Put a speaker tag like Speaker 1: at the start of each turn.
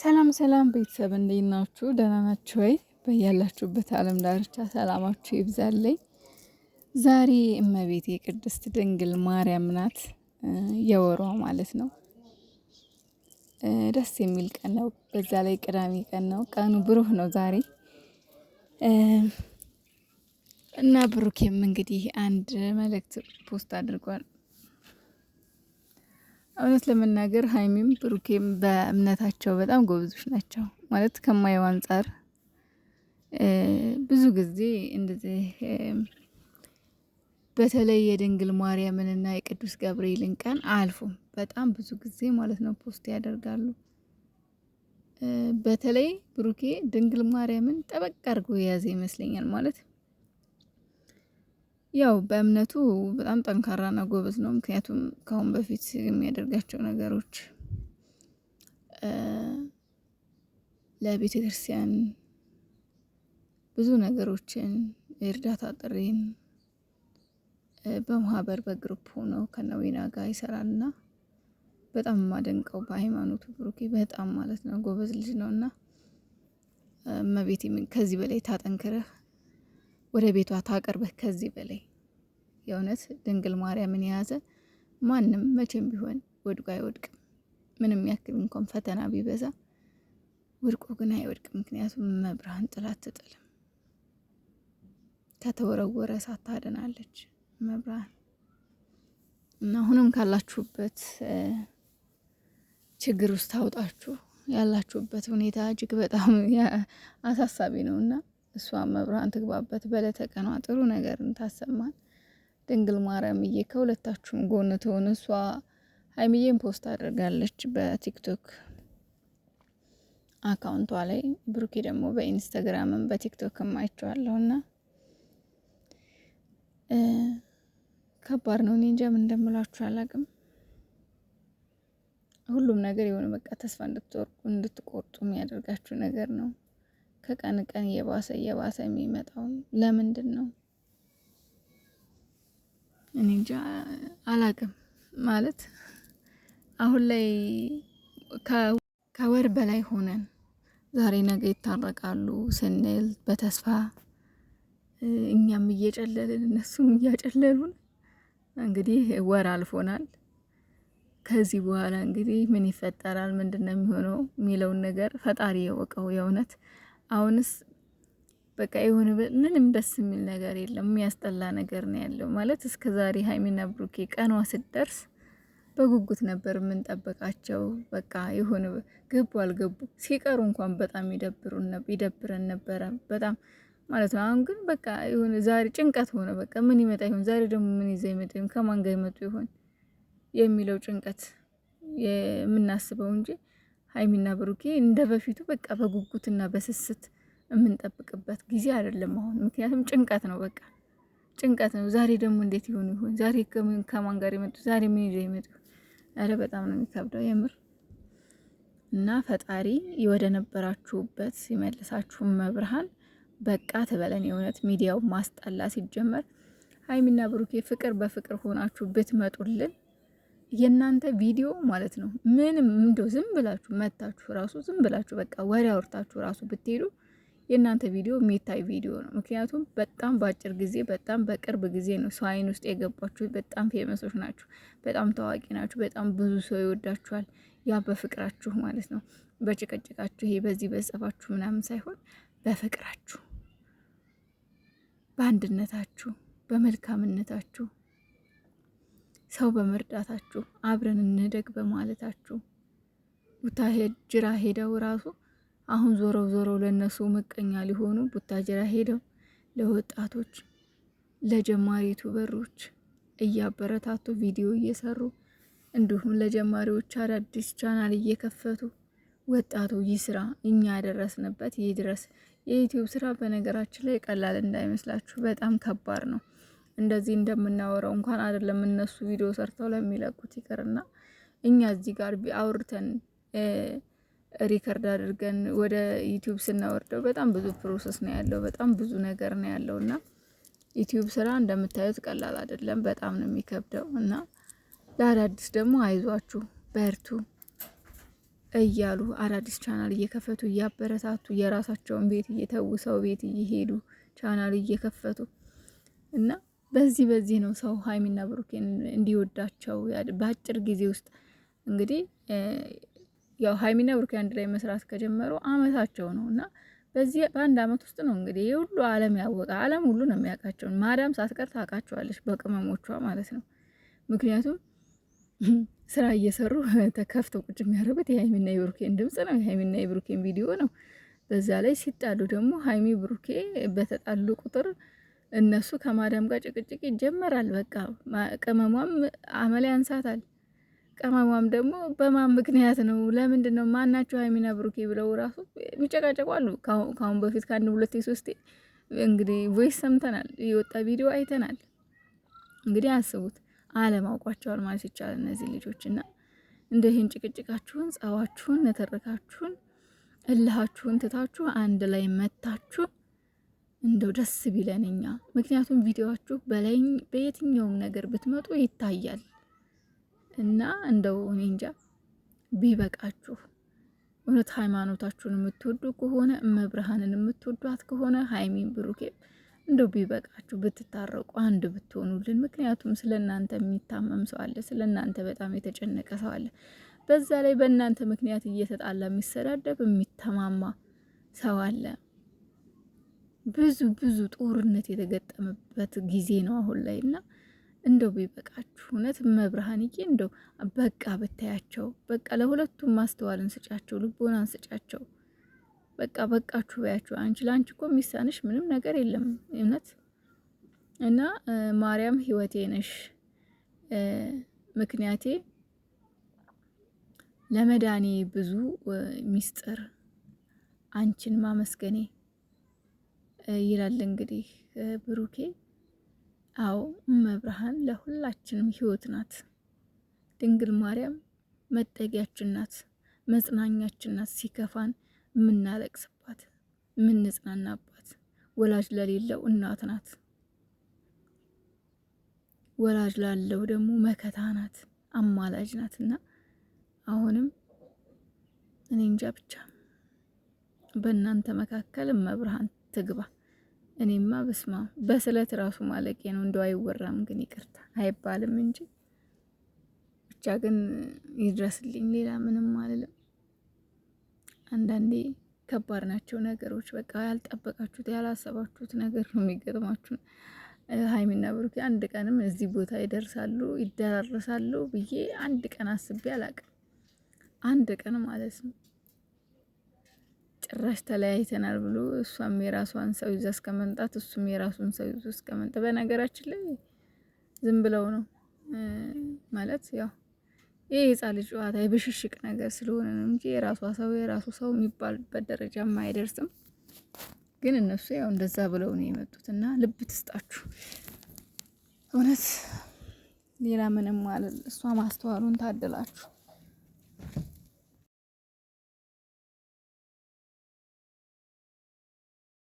Speaker 1: ሰላም ሰላም ቤተሰብ እንዴት ናችሁ? ደህና ናችሁ ወይ? በያላችሁበት ዓለም ዳርቻ ሰላማችሁ ይብዛልኝ። ዛሬ እመቤት የቅድስት ድንግል ማርያም ናት፣ የወሯ ማለት ነው። ደስ የሚል ቀን ነው። በዛ ላይ ቅዳሜ ቀን ነው። ቀኑ ብሩህ ነው ዛሬ እና ብሩኬም እንግዲህ አንድ መልእክት ፖስት አድርጓል እውነት ለመናገር ሀይሚም ብሩኬም በእምነታቸው በጣም ጎበዞች ናቸው። ማለት ከማየው አንጻር ብዙ ጊዜ እንደዚህ በተለይ የድንግል ማርያምንና የቅዱስ ገብርኤልን ቀን አልፎም በጣም ብዙ ጊዜ ማለት ነው ፖስት ያደርጋሉ። በተለይ ብሩኬ ድንግል ማርያምን ጠበቅ አድርጎ የያዘ ይመስለኛል ማለት ያው በእምነቱ በጣም ጠንካራና ጎበዝ ነው። ምክንያቱም ከአሁን በፊት የሚያደርጋቸው ነገሮች ለቤተ ክርስቲያን ብዙ ነገሮችን የእርዳታ ጥሪን በማህበር በግሩፕ ሆኖ ከነዊና ጋር ይሰራልና በጣም የማደንቀው በሃይማኖቱ ብሩኬ በጣም ማለት ነው ጎበዝ ልጅ ነው እና እመቤቴ ከዚህ በላይ ታጠንክረህ ወደ ቤቷ ታቀርብህ። ከዚህ በላይ የእውነት ድንግል ማርያምን የያዘ ማንም መቼም ቢሆን ወድቆ አይወድቅም። ምንም ያክል እንኳን ፈተና ቢበዛ ወድቆ ግን አይወድቅም። ምክንያቱም መብርሃን ጥላ አትጥልም። ከተወረወረ እሳት ታድናለች መብርሃን እና አሁንም ካላችሁበት ችግር ውስጥ ታውጣችሁ። ያላችሁበት ሁኔታ እጅግ በጣም አሳሳቢ ነው እና እሷ መብርሃን ትግባበት። በለተቀኗ ጥሩ ነገርን ታሰማን። ድንግል ማርያምዬ ከሁለታችሁም ጎን ትሆን። እሷ ሀይሚዬን ፖስት አድርጋለች በቲክቶክ አካውንቷ ላይ፣ ብሩኬ ደግሞ በኢንስታግራምም በቲክቶክም አይቼዋለሁ እና ከባድ ነው። እኔ እንጃም እንደምላችሁ አላቅም። ሁሉም ነገር የሆነ በቃ ተስፋ እንድትቆርጡ የሚያደርጋችሁ ነገር ነው። ከቀን ቀን እየባሰ እየባሰ የሚመጣው ለምንድን ነው? እኔ እንጃ አላቅም። ማለት አሁን ላይ ከወር በላይ ሆነን ዛሬ ነገ ይታረቃሉ ስንል በተስፋ እኛም እየጨለልን እነሱም እያጨለሉን እንግዲህ ወር አልፎናል። ከዚህ በኋላ እንግዲህ ምን ይፈጠራል፣ ምንድን ነው የሚሆነው የሚለውን ነገር ፈጣሪ የወቀው የእውነት አሁንስ በቃ የሆነ ምንም ደስ የሚል ነገር የለም። የሚያስጠላ ነገር ነው ያለው ማለት እስከ ዛሬ ሀይሚና ብሩኬ ቀኗ ስትደርስ በጉጉት ነበር የምንጠበቃቸው በቃ የሆነ ገቡ አልገቡ ሲቀሩ እንኳን በጣም ይደብረን ነበረ በጣም ማለት ነው። አሁን ግን በቃ የሆነ ዛሬ ጭንቀት ሆነ። በቃ ምን ይመጣ ይሆን ዛሬ ደግሞ ምን ይዘ ይመጡ ይሆን ከማን ጋር ይመጡ ይሆን የሚለው ጭንቀት የምናስበው እንጂ ሀይሚና ብሩኬ እንደ በፊቱ በቃ በጉጉትና በስስት የምንጠብቅበት ጊዜ አይደለም አሁን። ምክንያቱም ጭንቀት ነው፣ በቃ ጭንቀት ነው። ዛሬ ደግሞ እንዴት ይሆኑ ይሆን? ዛሬ ከማን ጋር ይመጡ? ዛሬ ምን ይዘው ይመጡ? ኧረ በጣም ነው የሚከብደው የምር። እና ፈጣሪ ወደ ነበራችሁበት ሲመልሳችሁ መብርሃን በቃ ትበለን። የእውነት ሚዲያው ማስጠላ ሲጀመር ሀይሚና ብሩኬ ፍቅር በፍቅር ሆናችሁ ብትመጡልን የእናንተ ቪዲዮ ማለት ነው። ምንም እንደው ዝም ብላችሁ መታችሁ ራሱ ዝም ብላችሁ በቃ ወሬ አውርታችሁ ራሱ ብትሄዱ የእናንተ ቪዲዮ የሚታይ ቪዲዮ ነው። ምክንያቱም በጣም በአጭር ጊዜ በጣም በቅርብ ጊዜ ነው ሰው አይን ውስጥ የገባችሁ። በጣም ፌመሶች ናችሁ፣ በጣም ታዋቂ ናችሁ፣ በጣም ብዙ ሰው ይወዳችኋል። ያ በፍቅራችሁ ማለት ነው፣ በጭቅጭቃችሁ ይሄ በዚህ በጸባችሁ ምናምን ሳይሆን በፍቅራችሁ፣ በአንድነታችሁ፣ በመልካምነታችሁ ሰው በመርዳታችሁ አብረን እንደግ በማለታችሁ ጅራ ሄደው ራሱ አሁን ዞረው ዞረው ለነሱ ምቀኛ ሊሆኑ ቡታጅራ ሄደው ለወጣቶች ለጀማሪ ዩቱበሮች እያበረታቱ ቪዲዮ እየሰሩ እንዲሁም ለጀማሪዎች አዳዲስ ቻናል እየከፈቱ ወጣቱ ይህ ስራ እኛ ያደረስንበት ይህ ድረስ የዩትዩብ ስራ በነገራችን ላይ ቀላል እንዳይመስላችሁ በጣም ከባድ ነው። እንደዚህ እንደምናወራው እንኳን አይደለም እነሱ ቪዲዮ ሰርተው ለሚለቁት ይቅርና እኛ እዚህ ጋር አውርተን ሪከርድ አድርገን ወደ ዩቲዩብ ስናወርደው በጣም ብዙ ፕሮሰስ ነው ያለው፣ በጣም ብዙ ነገር ነው ያለው እና ዩቲዩብ ስራ እንደምታዩት ቀላል አይደለም፣ በጣም ነው የሚከብደው እና ለአዳዲስ ደግሞ አይዟችሁ በርቱ እያሉ አዳዲስ ቻናል እየከፈቱ እያበረታቱ የራሳቸውን ቤት እየተውሰው ቤት እየሄዱ ቻናል እየከፈቱ እና በዚህ በዚህ ነው ሰው ሀይሚና ብሩኬን እንዲወዳቸው በአጭር ጊዜ ውስጥ እንግዲህ ያው ሀይሚና ብሩኬ አንድ ላይ መስራት ከጀመሩ አመታቸው ነው እና በዚህ በአንድ አመት ውስጥ ነው እንግዲህ የሁሉ አለም ያወቀ አለም ሁሉ ነው የሚያውቃቸው። ማዳም ሳትቀር ታውቃቸዋለች በቅመሞቿ ማለት ነው። ምክንያቱም ስራ እየሰሩ ተከፍተው ቁጭ የሚያደርጉት የሀይሚና የብሩኬን ድምጽ ነው፣ የሀይሚና የብሩኬን ቪዲዮ ነው። በዛ ላይ ሲጣሉ ደግሞ ሀይሚ ብሩኬ በተጣሉ ቁጥር እነሱ ከማዳም ጋር ጭቅጭቅ ይጀመራል። በቃ ቅመሟም አመል ያንሳታል። ቅመሟም ደግሞ በማን ምክንያት ነው ለምንድን ነው ማናቸው ሀይሚና ብሩኬ ብለው ራሱ የሚጨቃጨቋሉ። ከአሁን በፊት ከአንድ ሁለት ሶስቴ እንግዲህ ቮይስ ሰምተናል፣ የወጣ ቪዲዮ አይተናል። እንግዲህ አስቡት አለማውቋቸዋል ማለት ይቻላል እነዚህ ልጆች እና እንደዚህን ጭቅጭቃችሁን፣ ጸባችሁን፣ ነተረካችሁን፣ እልሃችሁን ትታችሁ አንድ ላይ መታችሁ እንደው ደስ ቢለን እኛ። ምክንያቱም ቪዲዮችሁ በላይ በየትኛውም ነገር ብትመጡ ይታያል እና እንደው እኔ እንጃ ቢበቃችሁ እውነት ሃይማኖታችሁን የምትወዱ ከሆነ እመብርሃንን የምትወዷት ከሆነ ሀይሚን ብሩኬ እንደው ቢበቃችሁ ብትታረቁ አንድ ብትሆኑልን። ምክንያቱም ስለ እናንተ የሚታመም ሰው አለ፣ ስለ እናንተ በጣም የተጨነቀ ሰው አለ። በዛ ላይ በእናንተ ምክንያት እየተጣላ የሚሰዳደብ የሚተማማ ሰው አለ። ብዙ ብዙ ጦርነት የተገጠመበት ጊዜ ነው አሁን ላይ እና እንደው ቢበቃችሁ እውነት መብርሃንዬ እንደው በቃ ብታያቸው በቃ ለሁለቱም ማስተዋልን ስጫቸው፣ ልቦናን ስጫቸው። በቃ በቃችሁ በያቸው። አንቺ ለአንቺ እኮ የሚሳንሽ ምንም ነገር የለም እውነት እና ማርያም ህይወቴ ነሽ ምክንያቴ ለመዳኔ ብዙ ሚስጥር አንቺን ማመስገኔ ይላል እንግዲህ ብሩኬ። አዎ እመብርሃን ለሁላችንም ህይወት ናት። ድንግል ማርያም መጠጊያችን ናት፣ መጽናኛችን ናት። ሲከፋን የምናለቅስባት የምንጽናናባት ወላጅ ለሌለው እናት ናት። ወላጅ ላለው ደግሞ መከታ ናት፣ አማላጅ ናት። እና አሁንም እኔ እንጃ ብቻ በእናንተ መካከል እመብርሃን ትግባ። እኔማ በስማ በስለት ራሱ ማለቄ ነው። እንደው አይወራም ግን ይቅርታ አይባልም እንጂ ብቻ ግን ይድረስልኝ። ሌላ ምንም አልልም። አንዳንዴ ከባድ ናቸው ነገሮች። በቃ ያልጠበቃችሁት ያላሰባችሁት ነገር ነው የሚገጥማችሁ። ሀይሚና ብሩኪ አንድ ቀንም እዚህ ቦታ ይደርሳሉ ይደራረሳሉ ብዬ አንድ ቀን አስቤ አላቅም። አንድ ቀን ማለት ነው። ጭራሽ ተለያይተናል ብሎ እሷም የራሷን ሰው ይዛ እስከመምጣት እሱም የራሱን ሰው ይዞ እስከመምጣት። በነገራችን ላይ ዝም ብለው ነው ማለት ያው ይህ የህፃን ልጅ ጨዋታ የብሽሽቅ ነገር ስለሆነ ነው እንጂ የራሷ ሰው የራሱ ሰው የሚባልበት ደረጃም አይደርስም። ግን እነሱ ያው እንደዛ ብለው ነው የመጡት እና ልብ ትስጣችሁ እውነት ሌላ ምንም ማለት እሷ ማስተዋሉን ታድላችሁ።